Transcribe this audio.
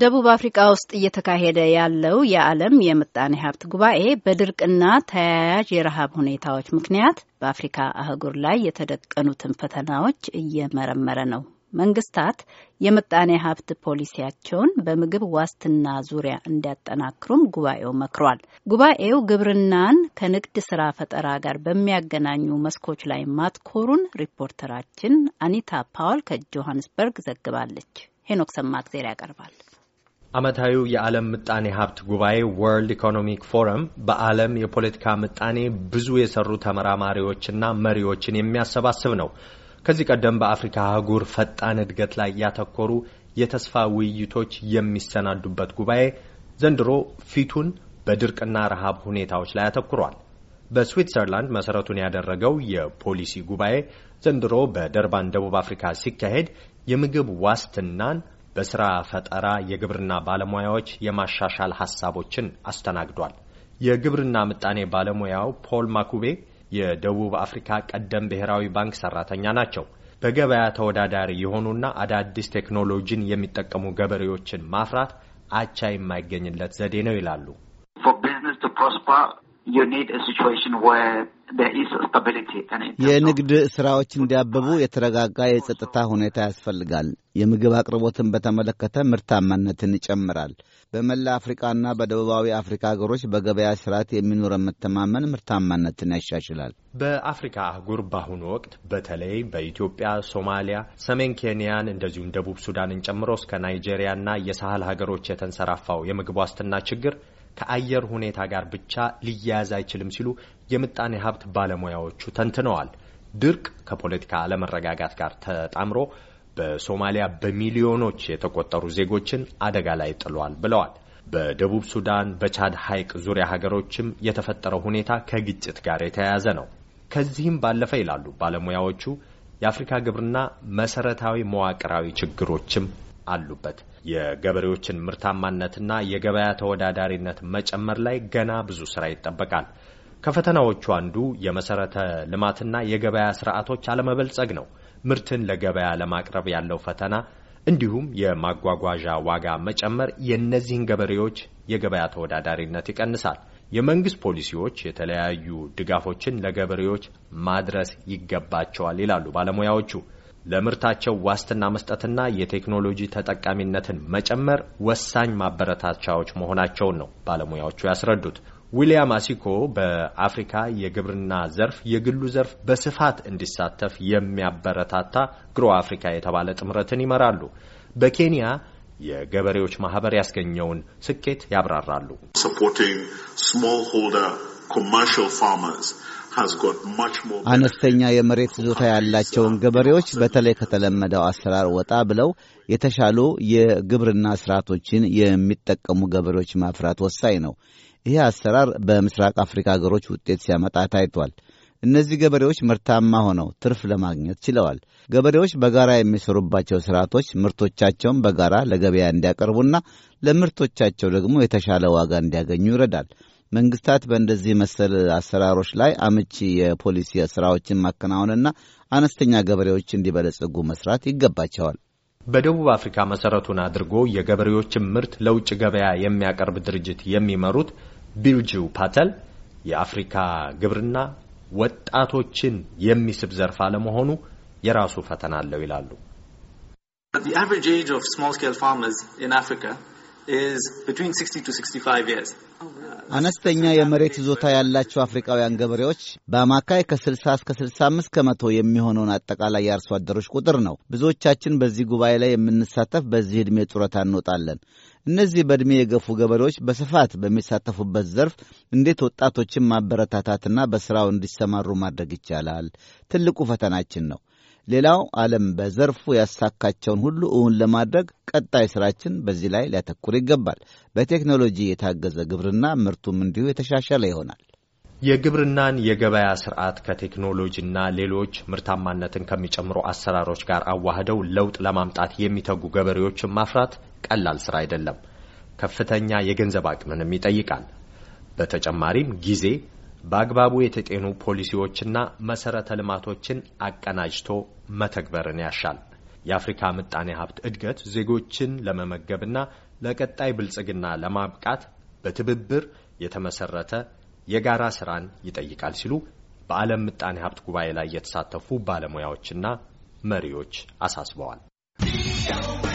ደቡብ አፍሪካ ውስጥ እየተካሄደ ያለው የዓለም የምጣኔ ሀብት ጉባኤ በድርቅና ተያያዥ የረሃብ ሁኔታዎች ምክንያት በአፍሪካ አህጉር ላይ የተደቀኑትን ፈተናዎች እየመረመረ ነው። መንግስታት የምጣኔ ሀብት ፖሊሲያቸውን በምግብ ዋስትና ዙሪያ እንዲያጠናክሩም ጉባኤው መክሯል። ጉባኤው ግብርናን ከንግድ ስራ ፈጠራ ጋር በሚያገናኙ መስኮች ላይ ማትኮሩን ሪፖርተራችን አኒታ ፓውል ከጆሃንስበርግ ዘግባለች። ሄኖክ ሰማእግዜር ያቀርባል። ዓመታዊው የዓለም ምጣኔ ሀብት ጉባኤ ወርልድ ኢኮኖሚክ ፎረም በዓለም የፖለቲካ ምጣኔ ብዙ የሰሩ ተመራማሪዎችና መሪዎችን የሚያሰባስብ ነው። ከዚህ ቀደም በአፍሪካ አህጉር ፈጣን እድገት ላይ ያተኮሩ የተስፋ ውይይቶች የሚሰናዱበት ጉባኤ ዘንድሮ ፊቱን በድርቅና ረሃብ ሁኔታዎች ላይ አተኩሯል። በስዊትዘርላንድ መሰረቱን ያደረገው የፖሊሲ ጉባኤ ዘንድሮ በደርባን ደቡብ አፍሪካ ሲካሄድ የምግብ ዋስትናን በስራ ፈጠራ የግብርና ባለሙያዎች የማሻሻል ሀሳቦችን አስተናግዷል። የግብርና ምጣኔ ባለሙያው ፖል ማኩቤ የደቡብ አፍሪካ ቀደም ብሔራዊ ባንክ ሰራተኛ ናቸው። በገበያ ተወዳዳሪ የሆኑና አዳዲስ ቴክኖሎጂን የሚጠቀሙ ገበሬዎችን ማፍራት አቻ የማይገኝለት ዘዴ ነው ይላሉ። የንግድ ስራዎች እንዲያብቡ የተረጋጋ የጸጥታ ሁኔታ ያስፈልጋል። የምግብ አቅርቦትን በተመለከተ ምርታማነትን ይጨምራል። በመላ አፍሪካና በደቡባዊ አፍሪካ ሀገሮች በገበያ ስርዓት የሚኖረን መተማመን ምርታማነትን ያሻሽላል። በአፍሪካ አህጉር በአሁኑ ወቅት በተለይ በኢትዮጵያ፣ ሶማሊያ፣ ሰሜን ኬንያን እንደዚሁም ደቡብ ሱዳንን ጨምሮ እስከ ናይጄሪያና የሳህል ሀገሮች የተንሰራፋው የምግብ ዋስትና ችግር ከአየር ሁኔታ ጋር ብቻ ሊያያዝ አይችልም ሲሉ የምጣኔ ሀብት ባለሙያዎቹ ተንትነዋል። ድርቅ ከፖለቲካ አለመረጋጋት ጋር ተጣምሮ በሶማሊያ በሚሊዮኖች የተቆጠሩ ዜጎችን አደጋ ላይ ጥሏል ብለዋል። በደቡብ ሱዳን፣ በቻድ ሐይቅ ዙሪያ ሀገሮችም የተፈጠረው ሁኔታ ከግጭት ጋር የተያያዘ ነው። ከዚህም ባለፈ ይላሉ ባለሙያዎቹ የአፍሪካ ግብርና መሰረታዊ መዋቅራዊ ችግሮችም አሉበት። የገበሬዎችን ምርታማነትና የገበያ ተወዳዳሪነት መጨመር ላይ ገና ብዙ ስራ ይጠበቃል። ከፈተናዎቹ አንዱ የመሰረተ ልማትና የገበያ ስርዓቶች አለመበልጸግ ነው። ምርትን ለገበያ ለማቅረብ ያለው ፈተና እንዲሁም የማጓጓዣ ዋጋ መጨመር የእነዚህን ገበሬዎች የገበያ ተወዳዳሪነት ይቀንሳል። የመንግስት ፖሊሲዎች የተለያዩ ድጋፎችን ለገበሬዎች ማድረስ ይገባቸዋል ይላሉ ባለሙያዎቹ። ለምርታቸው ዋስትና መስጠትና የቴክኖሎጂ ተጠቃሚነትን መጨመር ወሳኝ ማበረታቻዎች መሆናቸውን ነው ባለሙያዎቹ ያስረዱት። ዊልያም አሲኮ በአፍሪካ የግብርና ዘርፍ የግሉ ዘርፍ በስፋት እንዲሳተፍ የሚያበረታታ ግሮ አፍሪካ የተባለ ጥምረትን ይመራሉ። በኬንያ የገበሬዎች ማህበር ያስገኘውን ስኬት ያብራራሉ። አነስተኛ የመሬት ይዞታ ያላቸውን ገበሬዎች በተለይ ከተለመደው አሰራር ወጣ ብለው የተሻሉ የግብርና ስርዓቶችን የሚጠቀሙ ገበሬዎች ማፍራት ወሳኝ ነው። ይህ አሰራር በምስራቅ አፍሪካ ሀገሮች ውጤት ሲያመጣ ታይቷል። እነዚህ ገበሬዎች ምርታማ ሆነው ትርፍ ለማግኘት ችለዋል። ገበሬዎች በጋራ የሚሰሩባቸው ስርዓቶች ምርቶቻቸውን በጋራ ለገበያ እንዲያቀርቡና ለምርቶቻቸው ደግሞ የተሻለ ዋጋ እንዲያገኙ ይረዳል። መንግስታት በእንደዚህ መሰል አሰራሮች ላይ አመቺ የፖሊሲ ስራዎችን ማከናወንና አነስተኛ ገበሬዎች እንዲበለጽጉ መስራት ይገባቸዋል። በደቡብ አፍሪካ መሰረቱን አድርጎ የገበሬዎችን ምርት ለውጭ ገበያ የሚያቀርብ ድርጅት የሚመሩት ቢልጂው ፓተል የአፍሪካ ግብርና ወጣቶችን የሚስብ ዘርፍ አለመሆኑ የራሱ ፈተና አለው ይላሉ። The average age of small-scale farmers in Africa አነስተኛ የመሬት ይዞታ ያላቸው አፍሪካውያን ገበሬዎች በአማካይ ከ60 እስከ 65 ከመቶ የሚሆነውን አጠቃላይ የአርሶ አደሮች ቁጥር ነው። ብዙዎቻችን በዚህ ጉባኤ ላይ የምንሳተፍ በዚህ ዕድሜ ጡረታ እንወጣለን። እነዚህ በዕድሜ የገፉ ገበሬዎች በስፋት በሚሳተፉበት ዘርፍ እንዴት ወጣቶችን ማበረታታትና በሥራው እንዲሰማሩ ማድረግ ይቻላል? ትልቁ ፈተናችን ነው። ሌላው ዓለም በዘርፉ ያሳካቸውን ሁሉ እውን ለማድረግ ቀጣይ ሥራችን በዚህ ላይ ሊያተኩር ይገባል። በቴክኖሎጂ የታገዘ ግብርና ምርቱም እንዲሁ የተሻሻለ ይሆናል። የግብርናን የገበያ ስርዓት ከቴክኖሎጂና ሌሎች ምርታማነትን ከሚጨምሩ አሰራሮች ጋር አዋህደው ለውጥ ለማምጣት የሚተጉ ገበሬዎችን ማፍራት ቀላል ስራ አይደለም። ከፍተኛ የገንዘብ አቅምንም ይጠይቃል። በተጨማሪም ጊዜ፣ በአግባቡ የተጤኑ ፖሊሲዎችና መሰረተ ልማቶችን አቀናጅቶ መተግበርን ያሻል። የአፍሪካ ምጣኔ ሀብት እድገት ዜጎችን ለመመገብና ለቀጣይ ብልጽግና ለማብቃት በትብብር የተመሰረተ የጋራ ስራን ይጠይቃል ሲሉ በዓለም ምጣኔ ሀብት ጉባኤ ላይ የተሳተፉ ባለሙያዎችና መሪዎች አሳስበዋል።